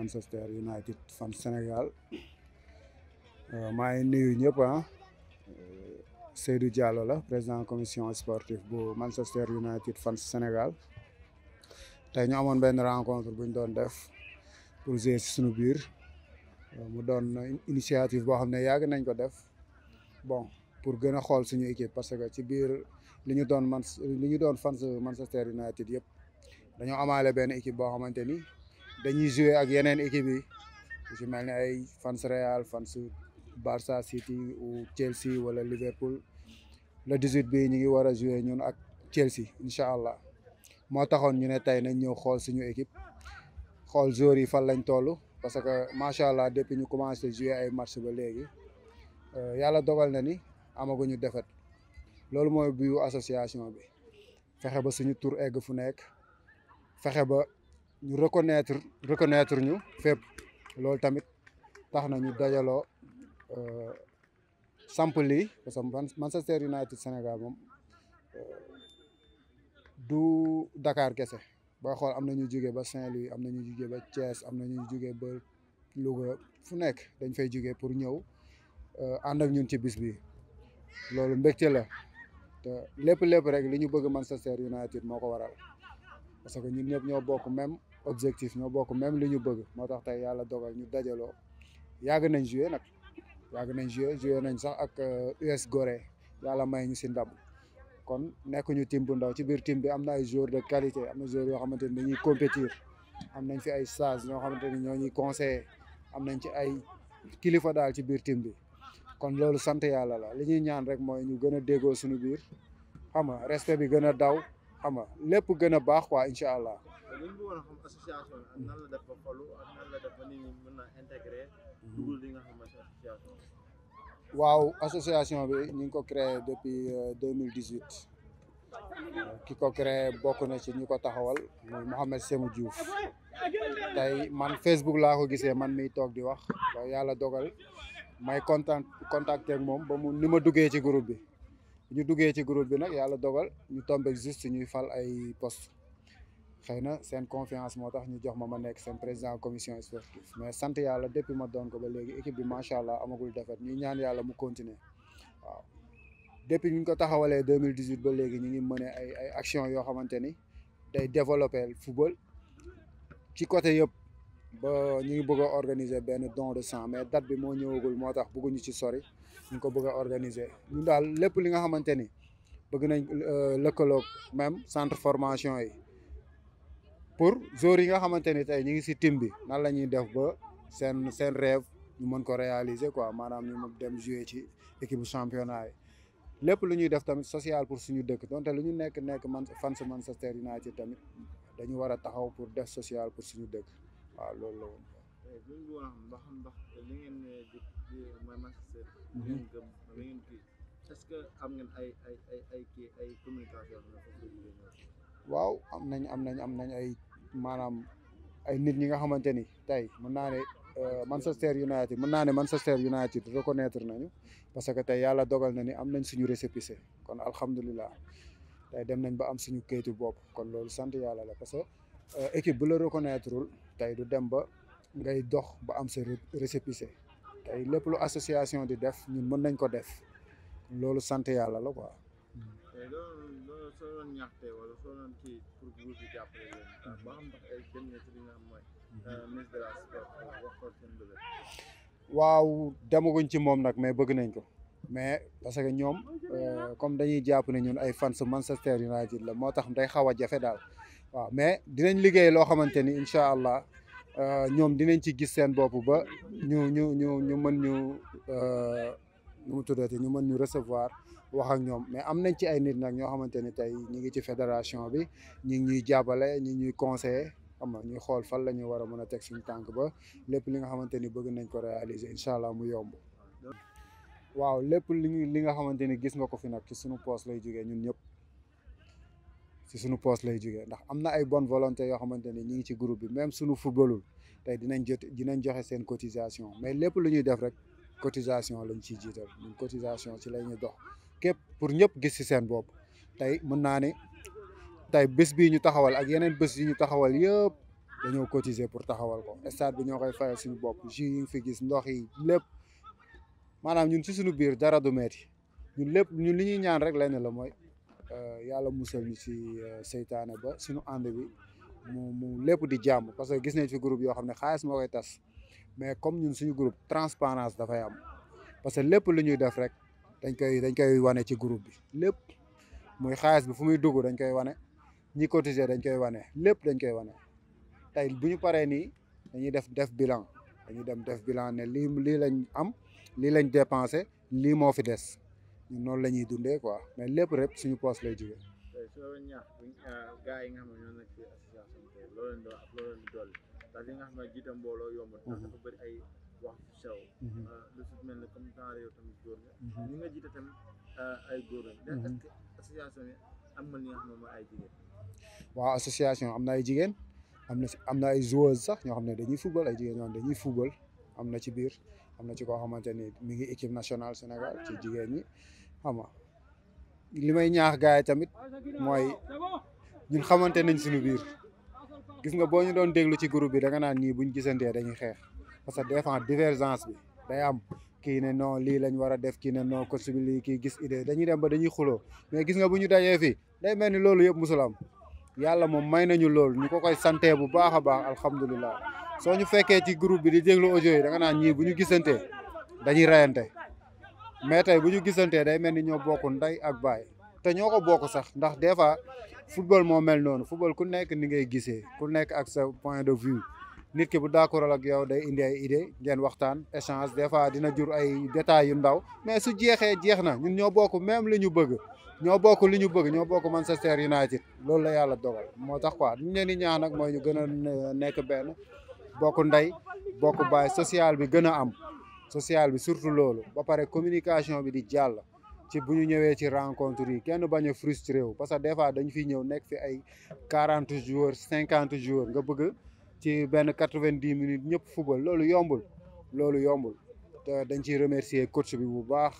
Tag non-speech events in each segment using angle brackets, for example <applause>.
Manchester United fan Sénégal euh, maa ngi nuyu ñëpp ah euh, Seydou Diallo la président commission sportive bu Manchester United fan Sénégal te ñu amoon benn rencontre buñ doon def pour jouer si suñu biir euh, mu doon initiative boo xam ne yàgg nañ ko def bon pour gën a xool suñu équipe parce que ci biir li ñu doon man li ñu doon fans Manchester United yëpp dañoo amaale benn équipe boo xamante ni. dañuy jouer ak yeneen équipe yi ci mel ni ay fans Real fans barsa City ou Chelsea wala Liverpool le 18 bi ñu ngi war a jouer ñun ak Chelsea incha allah moo taxoon ñu ne tey nañ ñëw xool suñu équipe xool joueurs yi fan lañ toll parce que macha allah depuis ñu commencé jouer ay match ba léegi euh, yàlla dogal na ni amaguñu defet loolu mooy biu association bi fexe ba suñu tour egg fu nekk fexe ba ñu reconnaitre ñu fépp loolu tamit tax na ñu dajaloo euh, samp lii parce que Manchester United Sénégal moom euh, du dakaar kese boo xool am na ñu jógee ba Saint-Louis am na ñu jógee ba Thiès am na ñu jógee ba Louga fu nekk dañ fay jóge pour ñëw euh, ànd ak ñun ci bis loolu mbégte la te lépp rek li ñu bëgg Manchester United moo ko waral parce que ñun ñëpp ñoo bokk même. objectif ñoo bokk même li ñu bëgg moo tax tey yàlla dogal ñu dajaloo yàgg nañ joué nag yàgg nañ joué nañ sax ak US euh, Gorée yàlla may ñu si ndam kon nekkuñu timbu ndaw ci biir tim bi am na ay joueurs de qualité am na joueurs yoo xamante ni dañuy compétir am nañ fi ay sage ñoo xamante ni ñoo ñuy conseiller am nañ ci ay kilifa daal ci biir tim bi kon loolu sant yàlla la li ñuy ñaan rek mooy ñu gën a déggoo suñu biir xama nga respect bi gën a daw xam nga lépp gën a baax quoi incha allah. dañ bëggoon association bi waaw association bi ñu ngi ko créé depuis euh, deux mille dix huit ki ko créé bokk na ci ñu ko taxawal muy Mouhamed Semou Diouf tey man Facebook laa ko gisee man miy toog di wax yàlla dogal may contact contacté ak moom ba mu ni ma duggee ci groupe bi ñu duggee ci groupe bi nag yàlla dogal ñu tombé juste ñuy fal ay post xëy na seen confiance moo tax ñu jox ma ma nekk seen président commission sportive mais sant yàlla depuis ma doon ko ba léegi équipe bi macha allah amagul défaite ñuy ñaan yàlla mu continuer waaw depuis ñu ngi ko taxawalee deux mille dix huit ba léegi ñu ngi mën ay ay action yoo xamante ni day développer football ci côté yëpp ba ñu ngi bëgg a organiser benn don de sang mais date bi moo ñëwagul moo tax bëgguñu ci sori ñu ngi ko bëgg organiser ñun daal lépp li nga xamante ni bëgg nañ euh, lëkkaloog même centre formation yi pour joueurs yi nga xamante ni tey ñu ngi si team bi nan la ñuy def ba seen seen rêve ñu mën ko réaliser quoi maanaam ñu dem jouer ci équipe championnat yi lépp lu ñuy def tamit social pour suñu dëkk donte lu ñu nekk nekk man fan sa Manchester United tamit dañu war a taxaw pour def sociale pour suñu dëkk waaw loolu la woon. est-ce que am ngeen ay ay ay ay ay communication waaw am nañ am nañ am nañ ay maanaam ay nit ñi nga xamante ni tey mën naa ne euh, Manchester United mën naa ne Manchester United reconnaître nañu parce que tey yàlla dogal na ni am nañ suñu récépissé kon alhamdulilah tey dem nañ ba am suñu kayitu bopp kon loolu sant yàlla la parce que euh, équipe bu la reconnaître tey du dem ba ngay dox ba am sa récépissé tey lépp lu association di def ñun mën nañ ko def loolu sant yàlla la quoi. Hmm. nguur bi jàppale mhm. euh, mhm. euh, euh, ci moom nag mais bëgg nañ ko mais parce que ñoom comme dañuy jàpp ne ñun ay fans Manchester United la moo tax day xaw a jafe daal waaw mais dinañ liggéey loo xamante ni incha allah ñoom dinañ ci gis seen bopp ba ñu ñu ñu ñu mën ñu nu mu tuddati ñu mën ñu recevoir wax ak ñoom mais am nañ ci ay nit nag ñoo xamante ne tey ñu ngi ci fédération bi ñu ngi ñuy jàppale ñu ñuy conseiller xam nga xool fan la ñu war a mën a teg suñu tànk ba lépp li nga xamante ni bëgg nañ ko réaliser incha allah mu yomb. waaw lépp li li nga xamante ni gis nga ko fi nag ci suñu poste lay jugee ñun ñëpp ci suñu poste lay jugee ndax am na ay bonne volonté yoo xamante ni ñu ngi ci groupe bi même suñu footballul tey dinañ jot dinañ joxe seen cotisation mais lépp lu ñuy def rek cotisation lañ ciy jiital ñun cotisation ci la ñuy dox. képp pour ñëpp gis si seen bopp tey mën naa ne tey bés bii ñu taxawal ak yeneen bés yi ñu taxawal yëpp dañoo cotiser pour taxawal ko stade bi ñoo koy fayal suñu bopp jus yi fi gis ndox yi lépp maanaam ñun ci suñu biir dara du ñun lépp ñun li ñuy ñaan rek lenn la mooy euh, yàlla musal ñu ci euh, seytaane ba suñu ànd bi mu mu lépp di jàmm parce que gis nañ fi groupe yoo xam ne xaalis moo koy tas mais comme ñun suñu groupe transparence dafay am parce que lépp lu ñuy def rek dañ koy dañ koy wane ci groupe bi lépp muy xaalis bi fu muy dugg dañ koy wane ñi cotiser dañ koy wane lépp dañ koy wane tey bu ñu paree nii dañuy def def bilan dañuy dem def bilan ne lii lii lañ am lii lañ dépensé lii moo fi des ñun noonu la ñuy dundee quoi mais lépp rek suñu poche lay jógee. Euh, nga mel ne comme temps tamit góor mhm. euh, ay góor lañ mhm. est association am na ay jigéen waaw association am na ay jigéen am na ay joueuses sax ñoo xam ne dañuy football ay jigéen dañuy football am na ci biir am na ci ko xamante ni mi ngi équipe nationale Sénégal ci jigéen ñi xam nga li ñaax gars tamit mooy ñun xamante nañ suñu biir gis nga boo ñu doon déglu ci groupe bi da nga naan nii buñ gisantee dañuy xeex parce que des fois divergence bi day am kii ne non lii lañ war a def kii ne non coach bi lii kii gis idée dañuy dem ba dañuy xuloo mais gis nga bu ñu dajee fii day mel ni loolu yëpp musul am yàlla moom may nañu loolu ñu ko koy santee bu baax a baax alhamdulilah soo ñu fekkee ci groupe bi di déglu audio yi da nga naan ñii bu ñu gisantee dañuy reyante mais tey bu ñu gisantee day mel ni ñoo bokk nday ak baay te ñoo ko bokk sax ndax des fois football moo mel noonu football ku nekk ni ngay gisee ku nekk ak sa point de vue nit ki bu d'accord ak yow day indi ay idée ngeen waxtaan echange des fois dina jur ay détails yu ndaw mais su jeexee jeex na ñun ñoo bokk même li ñu bëgg ñoo bokk lu ñu bëgg ñoo bokk Manchester United loolu la yàlla dogal moo tax quoi li ñu leen di ñaax nag mooy ñu gën a nekk benn bokk ndey bokk baay social bi gën a am sociale bi surtout loolu ba pare communication bi di jàll ci bu ñu ñëwee ci rencontre yi kenn bañ a frustré wu parce que des fois dañ fi ñëw nekk fi ay quarante jours cinquante joueurs nga bëgg ci benn quatre-vingt-dix minutes ñëpp football loolu yombul loolu yombul te dañ ciy remercier coach bi bu baax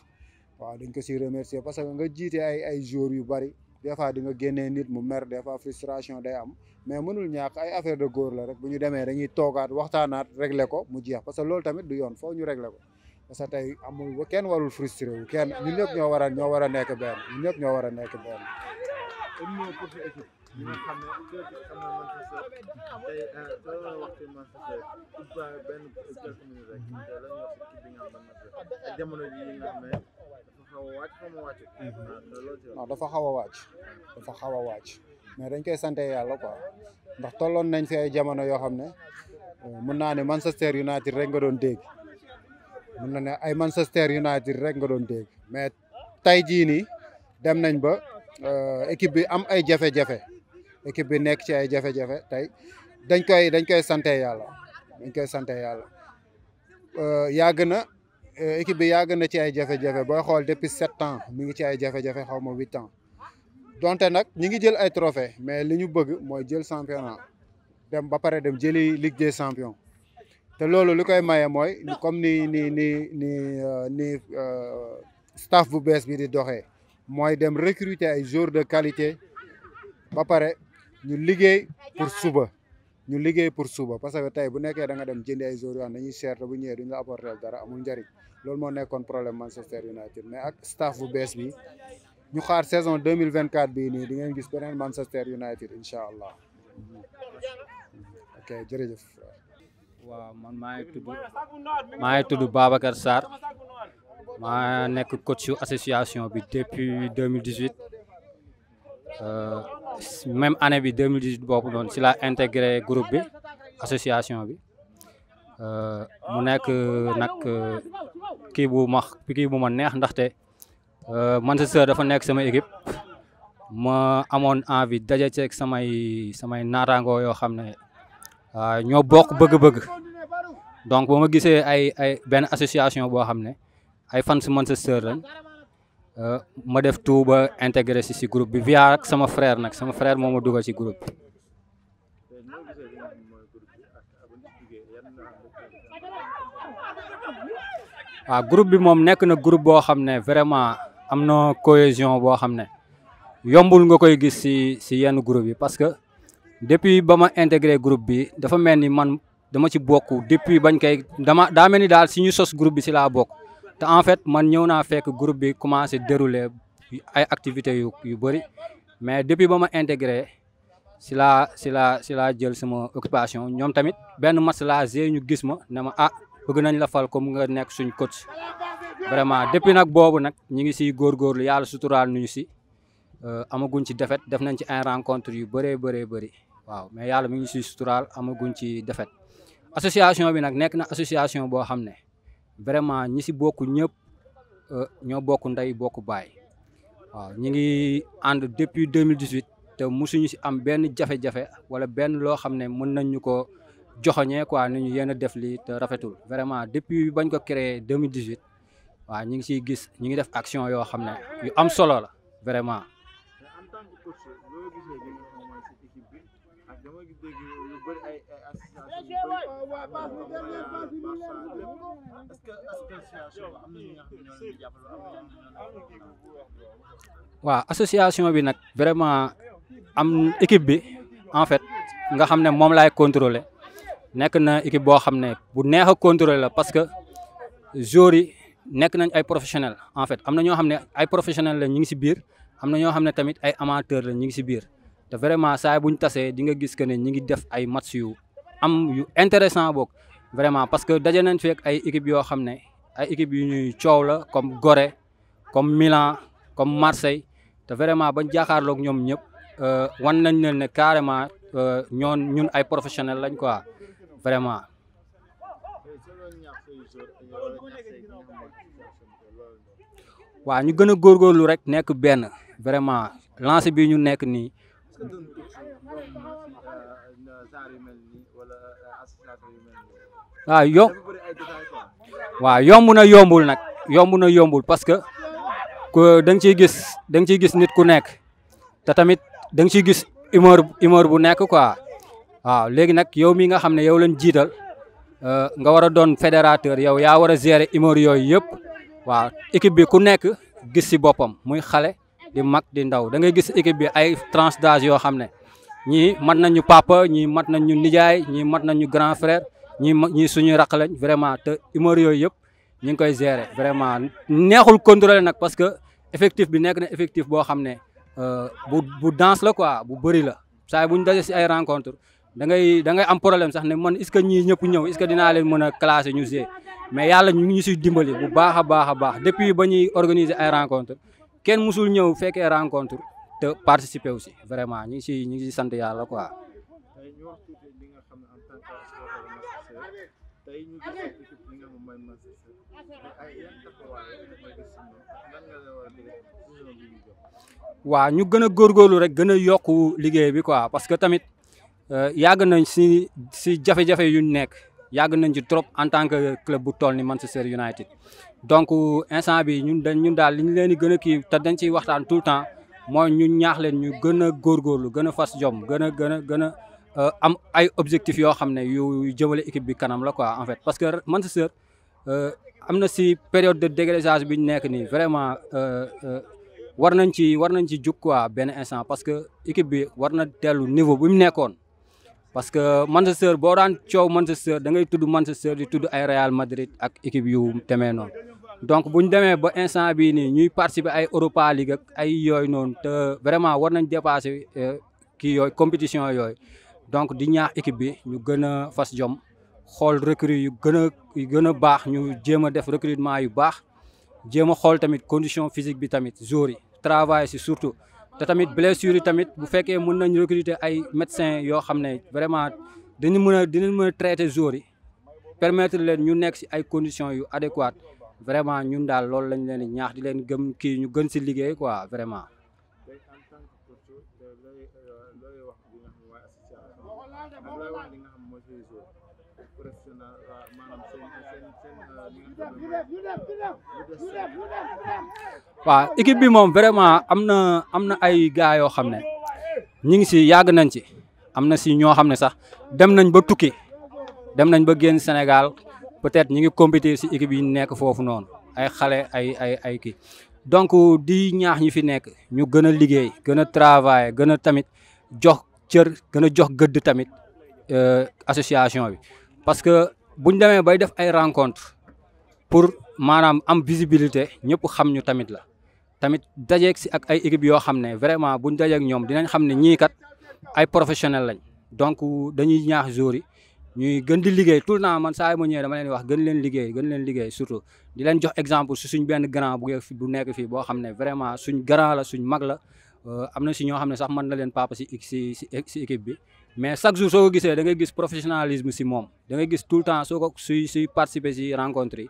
waaw dañ ko ciy remercier parce que nga jiite ay ay joueurs yu bari des fois di nga génne nit mu mer des fois frustration day am mais mënul ñàkk ay affaire de góor la rek bu ñu demee rek dañuy toogaat waxtaanaat régler ko mu jeex parce que loolu tamit du yoon foo ñu régler ko parce que tey amul ba kenn warul frustré wu kenn ñun ñëpp ñoo war a ñoo war a nekk benn ñun ñoo war a nekk benn ñi xam ne dafa xaw a wàcc dafa xaw a wàcc dafa xaw mais dañ koy sante yàlla ko ndax tolloon nañ fi ay jamono yoo xam ne euh, mën naa ne Manchester United rek nga doon dégg mun na ne ay Manchester United rek nga doon dégg mais tey jii nii dem nañ ba euh, équipe bi am ay jafe-jafe équipe bi nekk ci ay jafe-jafe tey dañ koy dañ koy sante yàlla dañ koy sante yàlla euh, yàgg na euh, équipe bi yàgg na ci ay jafe-jafe booy xool depuis sept ans mi ngi ci ay jafe-jafe xaw ma huit ans donte nag ñi ngi jël ay trophée mais li ñu bëgg mooy jël championnat dem ba pare dem jëli Ligue des champions te loolu li koy maye mooy comme ni ni ni ni euh, ni staff bu bees bi di doxe mooy dem recruter ay joueurs de qualité ba pare ñu liggéey pour suba ñu liggéey pour suba parce que tey bu nekkee da nga dem jëndi ay joueurs yoo xam dañuy cher te bu ñëwee duñu la dara amul njëriñ loolu moo nekkoon problème Manchester United mais ak staff bu bees bi ñu xaar saison 2024 bii nii di ngeen gis beneen Manchester United incha allah jërëjëf. waaw man maa ngi tudd maa ngi tudd Babacar Sarr maa nekk coach association bi depuis 2018. même année bi 2018 boobu noonu si la intégré groupe bi association bi euh, mu nekk euh, nag euh, kii bu max kii bu ma neex ndaxte Manchester dafa nekk sama équipe ma amoon envi daje ceeg samay samay naataangoo yoo xam ne ñoo bokk bëgg-bëgg donc ba ma gisee ay ay benn association boo xam ne ay fans Manchester lañ ma def tout ba intégré si si groupe bi via ak sama frère nag sama frère moo ma dugal si groupe bi waaw groupe bi moom nekk na groupe boo xam ne vraiment am na cohésion boo xam ne yombul nga koy gis si si yenn groupe yi parce que depuis ba ma intégré groupe bi dafa mel ni man dama ci bokk depuis bañ koy dama daa mel ni daal si ñu sos groupe bi si la bokk te en fait man ñëw naa fekk groupe bi commencé dérouler ay activités yu yu bëri mais depuis ba ma intégré si la si la si la jël sama occupation ñoom tamit benn match laa gée ñu gis ma ne ma ah bëgg nañ la fal comme nga nekk suñ coach vraiment depuis nag boobu nag ñu ngi siy góorgóorlu yàlla suturaal nuñu si euh, amaguñ ci défaite def nañ ci ay rencontre yu bëree bëree bëri waaw mais yàlla mi ngi siy suturaal amaguñ ci défaite association bi nag nekk na association boo xam ne vraiment ñi si bokk ñëpp euh, ñoo bokk ndey bokk baay waaw ñu ngi ànd depuis 2018 te mosuñu si am benn jafe-jafe wala benn loo xam ne mën nañ ñu ko joxoñee quoi nu ñu yéen def li te rafetul vraiment depuis bañ ko créé 2018 waaw ñu ngi siy gis ñu ngi def action yoo xam ne yu am solo la vraiment. waaw association bi nag vraiment am équipe bi en fait nga xam ne moom laay contrôler nekk na équipe boo xam ne bu neex a contrôler la parce que joueurs yi nekk nañ ay professionnel en fait am na ñoo xam ne ay professionnel la ñu ngi si biir am na ñoo xam ne tamit ay amateur la ñu ngi si biir te vraiment saa buñ tasee di nga gis que ne ñu ngi def ay match yu am yu intéressant boog vraiment parce que daje nañ fekk ay équipe yoo xam ne ay équipe yu ñuy coow la comme Gorée comme Milan comme Marseille te vraiment bañ jàkkaarloog ñoom ñëpp euh, wan nañ leen ne carrément euh, ñoon ñun ay professionnel lañ quoi vraiment. waaw ñu gën a góorgóorlu rek nekk benn vraiment lancé bi ñu nekk nii. Ah, waaw yom yomb na yombul nag yomb na yombul parce que dang nga gis da nga ciy gis nit ku nekk te tamit da nga ciy gis umeur humeur bu nekk quoi léegi nag yow mi nga xam ne yow lañ jiital euh, nga war a doon fédérateur yow yaa war a gérer humeur yooyu yëpp waaw équipe bi ku nekk gis si boppam muy xale di mag di ndaw da ngay gis équipe bi ay tranche d'âge yoo xam ne ñii mat nañu papa ñi mat nañ ñu nijaay ñii mat nañu grand frère ñii ñii suñuy raq lañ vraiment te humeur yooyu yëpp ñu ngi koy gérer vraiment neexul contrôler nag parce que effectif bi nekk na effectif boo xam ne euh, bu bu danse la quoi bu bëri la saa bu ñu daje si ay rencontre da ngay da ngay am problème sax ne man est-ce ñii ñëpp ñëw est-ce que dinaa leen mën a classer ñu g mais yàlla ñu ngi ñu siy dimbali bu baax a baax a baax depuis ba ñuy organiser ay rencontre kenn musul ñëw fekkee rencontre te participer aussi vraiment ñu ngi si ñu ngi si sant yàlla quoi. tey ñu wax tuuti li waaw ñu gën a góorgóorlu rek gën a yokku liggéey bi quoi parce que tamit euh, yàgg nañ si si jafe-jafe yu ñu nekk. yàgg nañ ci trop en tant que club bu toll ni Manchester United donc instant bi ñun daal ñu leen di kii te dañ ciy waxtaan tout le temps mooy ñu ñaax leen ñu gën a góorgóorlu gën a fas jom gën a gën a gën a euh, am ay objectifs yoo xam ne yu jëmale équipe bi kanam la quoi en fait parce que Manchester euh, am na si période de dégrésage bi ñu nekk nii vraiment euh, war nañ ci war nañ ci jug quoi benn instant parce que équipe bi war na teelu niveau bi mu nekkoon. parce que Manchester boo daan coow Manchester da ngay tudd Manchester di tudd ay Real Madrid ak équipe yu demee noonu. donc bu ñu demee ba instant bii nii ñuy participer ay Europa League ak ay yooyu noonu te vraiment war nañ dépasser euh, kii yooy compétition yooyu donc di ñaax équipe bi ñu gën a fas jom xool recrues yu gën a yu gën a baax ñu jéem a def recrutement yu baax jéem a xool tamit condition physique bi tamit joueurs yi travail si surtout te tamit blessures yi tamit bu fekkee mën nañ recruter ay médecins yoo xam ne vraiment dañu mën a dinañ mën a traiter joueurs yi permettre leen ñu nekk si ay conditions yu adéquates vraiment ñun daal loolu lañ leen di ñaax di leen gëm kii ñu gën si liggéey quoi vraiment. waaw équipe bi moom vraiment am na am na ay gars yoo xam ne ñu ngi si yàgg nañ ci am na si ñoo xam ne sax dem nañ ba tukki dem nañ ba génn Sénégal. peut-être ñu ngi compétir si équipe ñu nekk foofu noonu ay xale ay ay ay kii donc di ñaax ñi fi nekk ñu gën a liggéey gën a travailler gën a tamit jox cër gën a jox gëdd tamit euh, association bi parce que buñ demee bay def ay rencontre pour maanaam am visibilité ñëpp xam ñu tamit la tamit dajeeg si ak ay équipe yoo xam ne vraiment buñ dajeek ñoom dinañ xam ne ñii kat ay professionnel lañ donc dañuy ñaax joueurs yi ñuy gën di liggéey tout le temps man saa yi ma ñëwee dama leen wax gën leen liggéey gën leen liggéey surtout di leen jox exemple si suñ benn grand bu nekk fii boo xam ne vraiment suñ grand la suñ mag la euh, am na si ñoo xam ne sax mën na leen papa si si si bi mais chaque jour soo ko gisee da ngay gis professionnalisme si moom da gis tout le temps soo ko suy suy participer si rencontre yi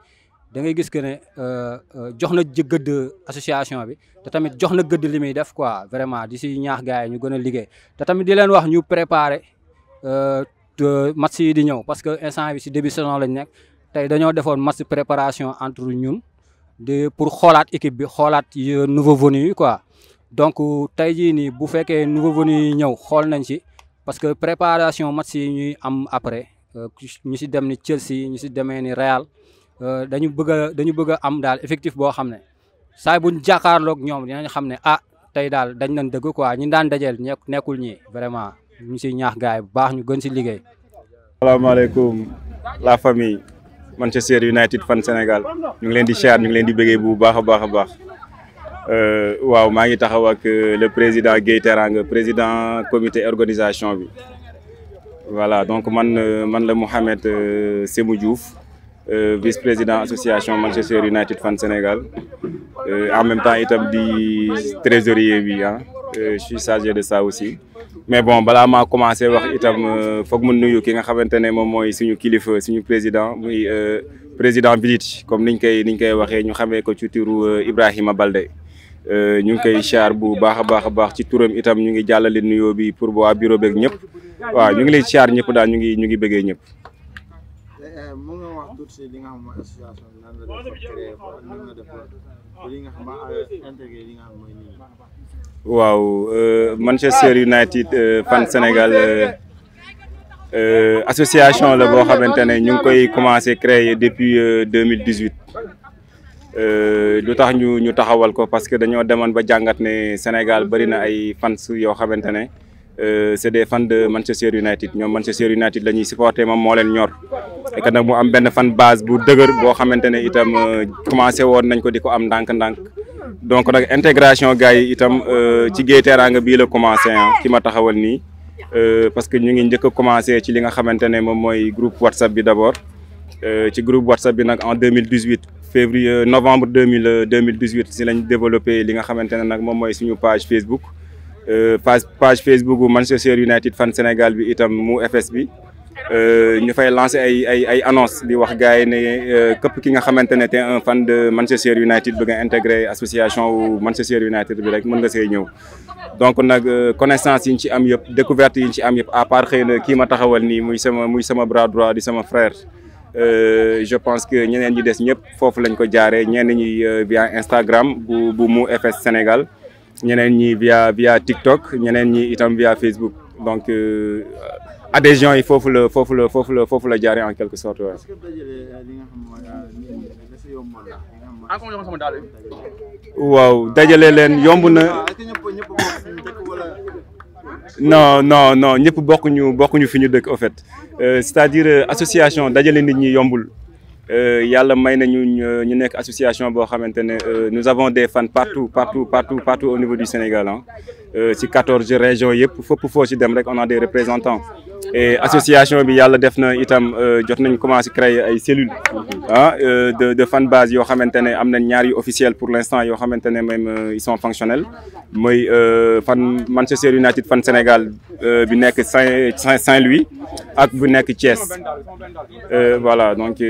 da ngay gis que ne euh, euh, jox na gëdd association bi te tamit jox na gëdd li muy def quoi vraiment di si ñaax gars yi ñu gën a liggéey te tamit di leen wax ñu préparer. match yi di ñëw parce que instant bi si début saison lañ nekk tey dañoo defoon match préparation entre ñun de pour xoolaat équipe bi xoolaat nouveau venu yi quoi donc tey jii nii bu fekkee nouveau venu yi ñëw xool nañ ci parce que préparation match yi ñuy am après euh, ñu si dem ni Chelsea ñu si demee ni Real euh, dañu bëgg dañu bëgg am daal effectif boo xam ne saay buñ jàkkaarloog ñoom dinañ xam ne ah tey daal dañ nañ dëgg quoi ñi daan dajeel nekkul ñii vraiment ñu siy ñaax gars bu baax ñu gën si liggéey. salaamaaleykum la famille Manchester United fan Sénégal ñu ngi leen di siyaar ñu ngi leen di bëggee bu baax a baax a baax euh, waaw maa ngi taxaw ak euh, le président Guèye Teranga président comité organisation bi voilà donc man euh, man la Mouhamed Semou Diouf vice-président association Manchester United fan Sénégal en même temps itam di trésorier bi ah je suis chargé de ça aussi mais bon balaa maa commencé wax itam euh, foog mu nuyu ki nga xamante ne moom mooy suñu kilifa suñu président muy euh, président Bilic comme niñ koy niñ koy waxee ñu xamee ko ci turu euh, Ibrahima Balde. ñu ngi koy char bu baax a baax a baax ci turam itam ñu ngi jàllale nuyoo bi pour waa bureau beeg ñëpp waaw ñu ngi lay char ñëpp daal ñu ngi ñu ngi bëggee ñëpp. Eh, eh, li nga xam mooy association waaw euh, Manchester United euh, fan Sénégal euh, association la boo xamante ne ñu ngi koy commencé créer depuis 2018 lu tax ñu ñu taxawal ko parce que dañoo demoon ba jàngat ne Sénégal bari na ay fans yoo xamante ne. Euh, c'est des fans de Manchester United ñoom Manchester United la ñuy supporter moom moo leen ñor et que nag mu am benn fan base bu dëgër boo xamante ne itam euh, commencé woon nañ ko di ko am ndànk-ndànk donc nag intégration gars yi itam euh, ci Gueye Teranga bii la commencé ah ki ma taxawal nii parce que ñu ngi njëkk a commencé ci li nga xamante ne moom mooy groupe WhatsApp bi d'abord ci groupe WhatsApp bi nag en 2018 février novembre 2000 2018 si lañ développé li nga xamante ne nag moom mooy suñu page Facebook Euh, page page Facebook Manchester United fan Sénégal bi itam mu FS bi euh, ñu fay lancé ay ay ay annonce di wax gars yi ne euh, képp ki nga xamante ne te un fan de Manchester United bëgg a intégré association wu Manchester United bi rek mën nga see ñëw. donc nag connaissance yi ñu ci am yëpp découverte yi ñu ci am yëpp à part xëy na kii ma taxawal ni muy sama muy sama bras droit di sama frère. je pense que ñeneen ñi des ñëpp foofu lañ ko jaaree ñenn ñi via Instagram bu bu mu FS Sénégal. ñeneen ñi via via TikTok ñeneen ñi itam via Facebook donc euh, adhésion yi foofu la foofu la foofu la foofu la jaaree en quelque sorte waaw. dajale leen yomb na. non non non ñëpp bokkuñu bokkuñu fi ñu dëkk au fait euh, c'est-à-dire euh, association dajale nit ñi yombul. Euh, yàlla may nañu ñu nekk association boo xamante ne euh, nous avons des fan partout partout partout partout au niveau du Sénégal ah si quatorze régions yëpp fépp foo si dem rek on a des représentants et eh, association bi yàlla def na itam euh, jot nañ commencé créer ay cellules ah euh, de de fan base yoo xamante ne am nañ ñaar yu officiel pour l' instant yoo xamante ne même euh, ils sont fonctionnels mooy fan Manchester United fan Sénégal bi nekk Saint Saint-Louis ak bu nekk Thiès voilà donc y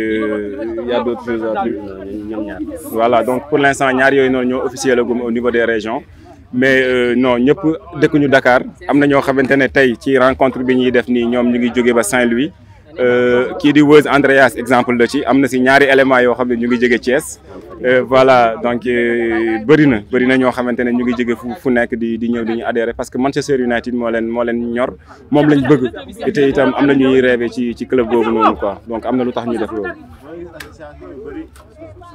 a d' autres choses à dire voilà donc pour l' instant ñaar yooyu noonu ñoo officiel au niveau des régions mais euh, non ñëpp dëkkuñu Dakar am na ñoo xamante ne tey ci rencontre bi ñuy def nii ñoom ñu ngi jóge ba Saint-Louis euh, kii di Weuz Andreas exemple la ci am na si ñaari élément yoo xam ne ñu ngi jóge Thiès euh, voilà donc bëri na bëri na ñoo xamante ne ñu ngi jóge fu fu nekk di di ñëw di ñu adhéré parce que Manchester United moo leen moo leen ñor moom lañ bëgg te itam am na ñuy rêvé ci ci club boobu noonu quoi donc am na lu tax ñu def loolu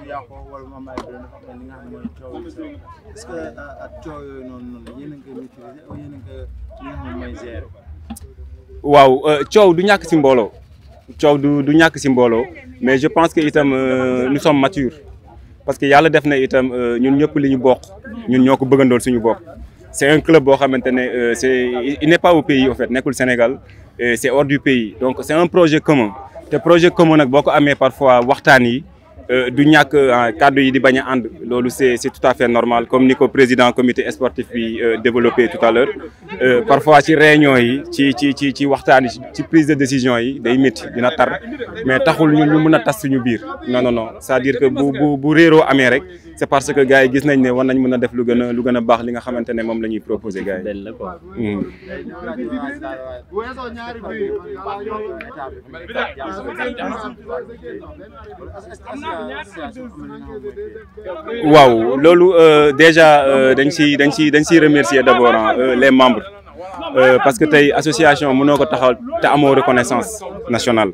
yàqoo wala mu am ay waaw euh, coow du ñàkk si mbooloo coow du du ñàkk si mbooloo mais je pense que itam euh, nous sommes matures parce que yàlla def na itam euh, ñun ñëpp li ñu bokk ñun ñoo ko bëggandool suñu bopp. c'est un club boo xamante ne c'est il n'est pas au pays en fait nekkul Sénégal c'est hors du pays donc c'est un projet commun te projet commun nag boo ko amee parfois waxtaan yi. Euh, du ñàkk euh, kàddu yi di bañ ànd loolu c'est c'est tout à fait normal comme ni ko président comité sportif bi euh, développé tout à l'heure parfois ci réunion yi ci ci ci ci waxtaan yi ci prise de décision yi day métti dina tar mais taxul ñun ñu mun a tas suñu biir non no non c'est-à-dire que bu bu bu réeroo amee rek c'est parce que gars yi gis nañ ne war nañ mën a def lu gën a lu gën a baax li nga xamante ne moom la ñuy proposé gars yi. Hmm. waaw loolu euh, déjà euh, dañ si dañ si dañ siy remercier d'abord euh, les membres parce que tey association mënoo ko taxaw te amoo reconnaissance nationale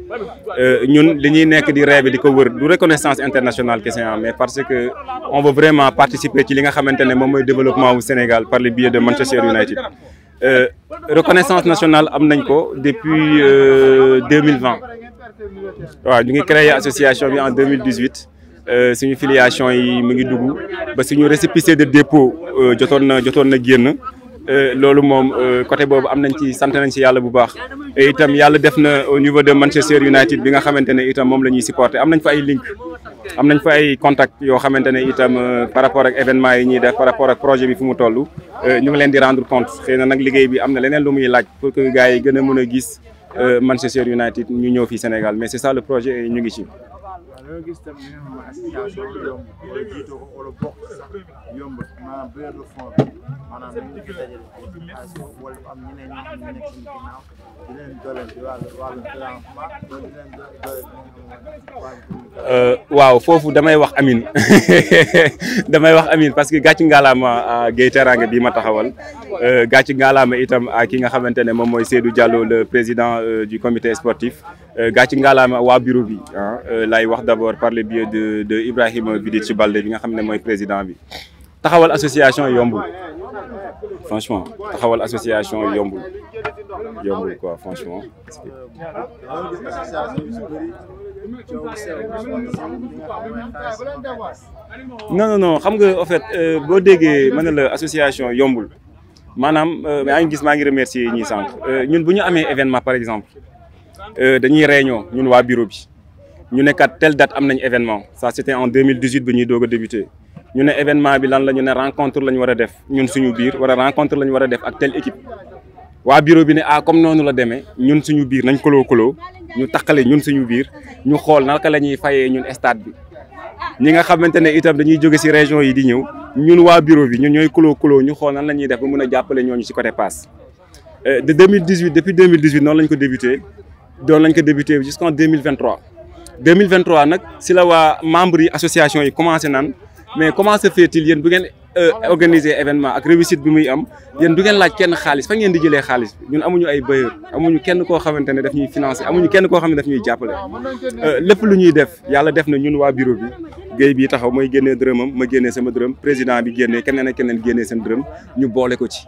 ñun li ñuy nekk di rêve di ko wër du reconnaissance internationale kese mais parce que on veut vraiment participer ci li nga xamante ne moom mooy développement wu Sénégal par le biais de Manchester United reconnaissance nationale am nañ ko depuis 2020 waaw ñu ngi créé association bi en 2018 euh, suñu filiation yi mu ngi dugg ba suñu récépissé de dépôt euh, jotoon na jotoon na génn euh, loolu moom côté boobu am nañ ci sant nañ ci yàlla bu baax et itam yàlla def na au niveau de Manchester United bi nga xamante ne itam moom la ñuy supporter am nañ fa ay link am nañ fa ay contact yoo xamante ne itam par rapport ak événement yi ñuy def par rapport ak projet bi fu mu toll ñu ngi leen di rendre compte xëy na nag liggéey bi am na leneen lu muy laaj pour que yi gën a mën a gis Euh, Manchester United ñu ñëw fii Sénégal mais c'est ça le projet ñu ngi ci nga gis euh, waaw foofu damay wax amin <laughs> wax amin parce que gàcc ngaalaama euh, Gueye Teranga bii ma taxawal euh, gàcc ngaalaama itam ki nga xamante ne moom mooy Seydou Diallo le président du comité sportif Euh, gaa ci ngaalaama waa bureau bi ah euh, laay wax d'abord par le biais de de Ibrahima Bidici Balde bi nga xam ne mooy président bi taxawal association yombul taxawal association yombul yombul quoi franchement non non xam nga en fait euh, boo déggee ma ne la association yombul maanaam maa ngi gis maa ngi remercier ñi sànq ñun bu ñu amee événement par exemple Euh, dañuy réunion ñun waa bureau bi ñu ne kat telle date am nañ événement ça c'était en 2018 ba ñuy doog a débuté ñu ne événement bi lan la ñu ne rencontre la ñu war a def ñun suñu biir wala rencontre la ñu war a def ak telle équipe. waa bureau bi ne ah comme noonu la demee ñun suñu biir nañ koloo koloo ñu takkale ñun suñu biir ñu xool naka la ñuy fayee ñun stade bi ñi nga xamante ne itam dañuy jóge ci région yi di ñëw ñun waa bureau bi ñu ñooy koloo koloo ñu xool nan la ñuy def ba mën a jàppale ñooñu ci côté pass. Euh, de 2018 lañ ko débuté. doon lañ ko débuté jusqu'en 2023 2023 nag si la waa membres yi association yi commencé naan mais comment se fait-il yéen bu ngeen euh, organiser événement ak réussite bi muy am yéen du ngeen laaj kenn xaalis fa ngeen di jëlee xaalis ñun amuñu ay bailleur amuñu kenn koo xamante ne daf ñuy financer amuñu kenn koo xam ne daf ñuy jàppale euh, lépp lu ñuy def yàlla def na ñun waa bureau bi géey bii taxaw mooy génnee dërëmam ma génnee sama dërëm président bi génnee keneen keneen génnee seen dërëm ñu boole ko ci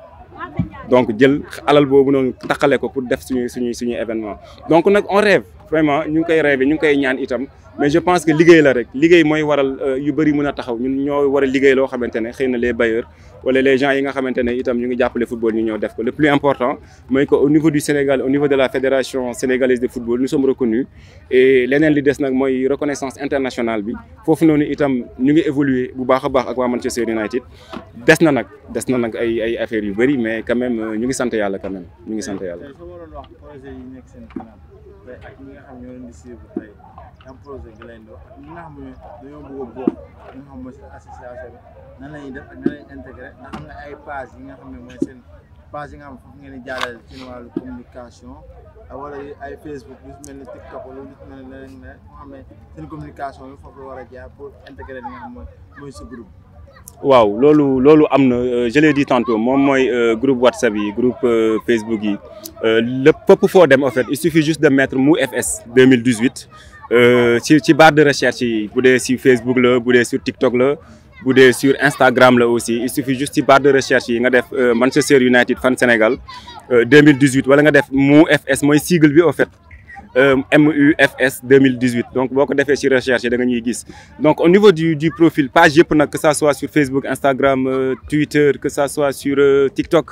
donc jël alal boobu noonu taxale ko pour def suñu suñuy suñuy événement donc nag on rêve vraiment ñu ngi koy rêvé ñu ngi koy ñaan itam mais je pense que liggéey la rek liggéey mooy waral euh, yu bëri mën a taxaw ñun ñoo war a liggéey loo xamante ne xëy na les bailleurs wala les gens yi nga xamante ne itam ñu ngi jàppale football ñu ñëw def ko le plus important mooy que au niveau du Sénégal au niveau de la fédération sénégalaise de football nous sommes reconnus et leneen li des nag mooy reconnaissance internationale bi foofu noonu itam ñu ngi évoluer bu baax a baax ak waa Manchester United des na nag des na nag ay ay affaires yu bëri mais quand même euh, ñu ngi sant yàlla quand même ñu ngi sant yàlla tey ak ñi nga xam ñoo leen di suivre tey yan projet gi leen doon ak ñi nga xam ne dañoo bëgg a bokk ñi nga xam mooy seen association bi nan la ñuy def ak nan la ñuy intégré ndax am na ay page yi nga xam ne mooy seen page yi nga xam foofu ngeen di jaarale seen wàllu communication wala ay Facebook lu mel ni TikTok wala lu mel ni leneen nga xam ne seen communication yi foofu la war a jaar pour intégré li nga xam mooy mooy sa groupe. waaw loolu loolu am na euh, je l'ai dit moom mooy euh, groupe whatsapp yi groupe euh, facebook yi lépp fépp foo dem en fait il suffit juste de mettre MouFS 2018 ci ci barre de recherche yi bu dee sur facebook la bu dee sur tiktok la bu dee sur Instagram la aussi il suffit juste ci barre de recherche yi nga def Manchester United fan Sénégal 2018 wala nga def MouFS mooy sigle bi en fait Euh, MUFS 2018 donc boo ko defee si recherche da nga ñuy gis donc au niveau du profil page yëpp nag que ça soit sur Facebook Instagram euh, Twitter que ça soit sur euh, TikTok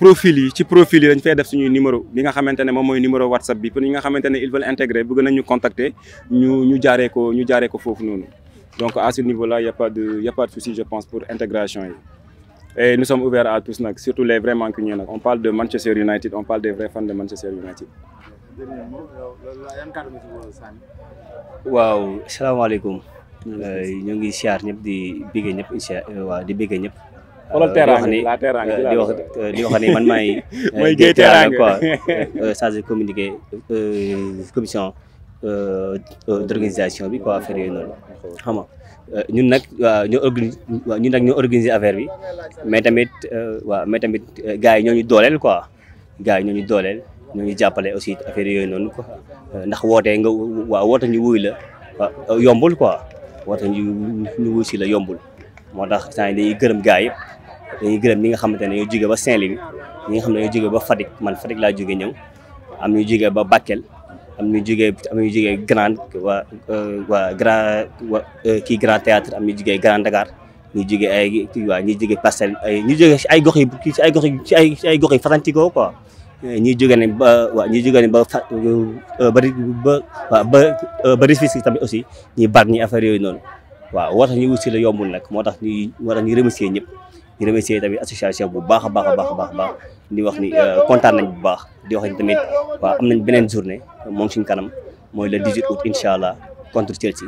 profil yi ci profil yi dañ fay def suñuy numéro bi nga xamante ne moom mooy numéro WhatsApp bi pour ñi nga xamante ne ils veulent intégrer bëgg nañu contacter ñu ñu jaaree ko ñu jaaree ko foofu noonu donc à ce niveau là y a pas de y a pense pour intégration yi. Et nous sommes ouverts à tous, surtout les vrais waaw salaamaaleykum euh, ñoo ngi siyaar ñëpp di bigge ñëpp incha euh, di bigge ñëpp. xoolal euh, teraange la teraange di wax di wax ni man maay. <laughs> mooy géej teraange quoi chargé communiqué commission d'organisation bi quoi affaire yooyu noonu xam nga ñun nag waaw ñoo waaw ñun nag ñoo affaire bi mais tamit waaw mais tamit gars yi ñoo ñu dooleel quoi gars yi ñoo ñu dooleel. ñu ngi jàppale aussi affaire yooyu noonu quoi euh, ndax woote nga waaw woote ñu wuy la euh, yombul quoi woote ñu wuy si la yombul moo tax saa yi gërëm gaa yëpp dañuy gërëm ñi nga xamante ne ñoo jóge ba Saint-Louis ñi nga xam ne ñoo jóge ba Fatick man Fatick laa jóge ñëw am ñu jóge ba bakkel am ñu jógee am ñu jógee grand waa euh, waa grand kii grand théâtre am ñu jógee grand Dakar ñu jógee ay waa ñu jógee Parcelles ñu jógee si ay gox yi ci ay gox yi ci ay gox yi fasantikoo quoi ñi jóge ne ba waaw ñi jóge ne ba euh, bari ba waaw ba euh, bari fii tamit aussi ñi bar ñi affaire yooyu noonu waaw moo tax ñu wut la yombul nag moo tax ñuy moo tax ñu remercier ñëpp ñu remercier tamit association bu baax a baax a baax a baax di wax ni euh, kontaan nañ bu baax di wax ni tamit waaw am nañ beneen journée moom suñ kanam mooy le 18 août incha allah contre Chelsea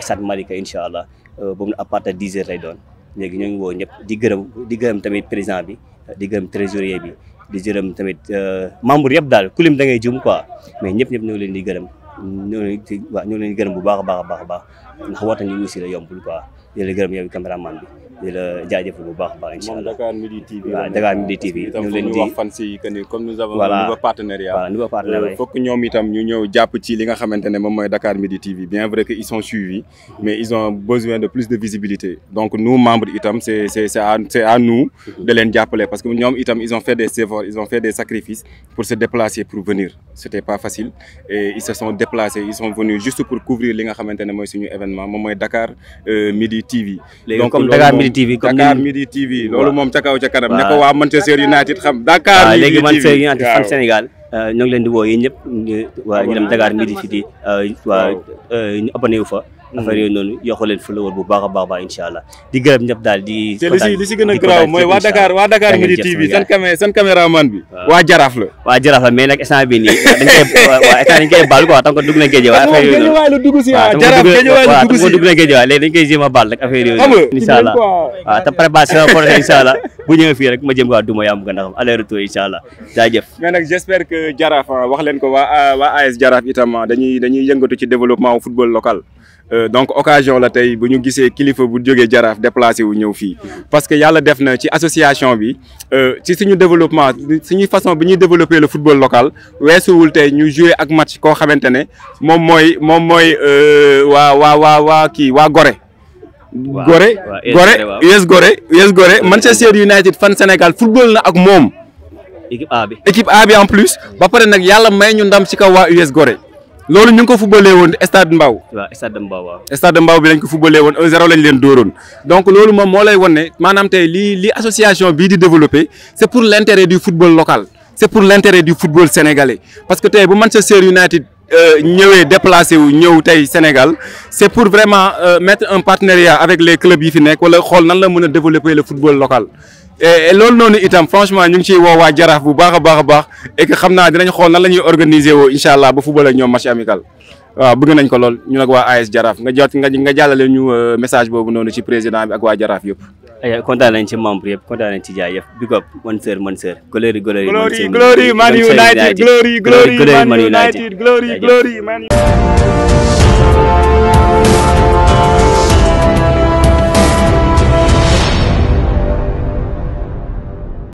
stade Malika incha allah boobu na à partir de 10 heures doon léegi ñoo ngi woo ñëpp di gërëm di gërëm tamit président bi di gërëm trésorier bi di jërëm tamit euh, membre yëpp daal ku lim da ngay jum quoi mais ñëpp ñëpp ñoo leen di gërëm ñoo leen di waaw ñoo leen di gërëm bu baax a baax a baax ndax woote ñu wuyu si la yombul quoi di leen gërëm yow caméraman bi di la jaajëfal bu baax baax incha allah Dakar Midi TV. Dakar Midi TV ñu leen di euh, fokk ñoom itam ñu ñëw jàpp ci li nga xamante ne moom mooy Dakar Midi TV bien vrai que ils sont suivis mais ils ont besoin de plus de visibilité donc nous membres itam c' à nous de leen jàppale parce que ñoom itam ils ont fait des efforts ils ont fait des sacrifices pour se déplacer pour venir c' était pas facile et ils se sont déplacés ils sont venus juste pour couvrir li nga xamante ne mooy suñu événement mooy Dakar euh, Midi TV Midi TV comme Dakar Midi TV loolu moom ca kaw ca kanam ña ko waa Manchester United xam Dakar Midi TV léegi Manchester United fan Sénégal euh, ñoo ngi leen di woo yéen ñëpp waa ñu dem Dakar Midi City euh, waa euh, ñu abonné fa affaire yooyu noonu yokk leen follower bu baax a baax baax incha allah di gërëm ñëpp daal di. te li si gën a garaaw mooy waa Dakar waa TV seen camé seen bi. waa Jaraaf la. waa Jaraaf la mais nag instant bii nii dañ koy <laughs> waa instant dañ koy baal quoi tant que dugg na la dugg si waaw dañ koy jéem a baal rek affaire yooyu noonu incha allah waaw te préparation <laughs> bu ñëwee fii rek ma jëm duma yaam gën a xam aller retour incha allah jaajëf mais nag j'espère Jaraaf ah, wax leen ko waa ah, waa AS Jaraaf itam ah, dañuy dañuy yëngatu ci développement football local Euh, donc occasion la tey bu ñu gisee kilifa bu jógee jaraaf déplacé wu ñëw fii parce que yàlla def na ci association bi euh, ci suñu développement suñuy façon bi ñuy développer le football local weesuwul tey ñu jouer ak match koo xamante ne moom mooy moom mooy euh, waa waa waa waa kii waa gore Gorée Gorée US Gorée US Gorée Manchester United fan Sénégal football na ak moom. équipe A bi équipe A bi en plus ba pare nag yàlla may ñu ndam ci kaw waa US Gorée. loolu ñu ngi ko fubalee woon stade Mbao. waaw stade Mbao waaw. stade Mbao bi lañ ko fubalee woon 1-0 lañ leen dóoroon donc loolu moom moo lay wan ne maanaam tey li lii association bii di développé c'est pour l'intérêt du football local c'est pour l'intérêt du football sénégalais parce que tey bu Manchester United euh, ñëwee déplacé wu ñëw tey Sénégal c'est pour vraiment euh, mettre un partenariat avec le clubs yi fi nekk wala xool nan la mën a développer le football local. loolu noonu itam franchement ñu ngi ciy woo waa jaraaf bu baax a baax a baax et xam naa dinañ xool nan la ñuy organiser woo incha allah ba football ak ñoom match amical waaw bëgg nañ ko lool ñu nag waa AS jaraaf nga jot nga nga ñu euh, message boobu noonu ci président bi ak waa jaraaf yëpp. aywa kontaan nañ ci membre yëpp kontaan nañ ci jaay yëpp big man sœur man sœur. glory glory man united glory man united.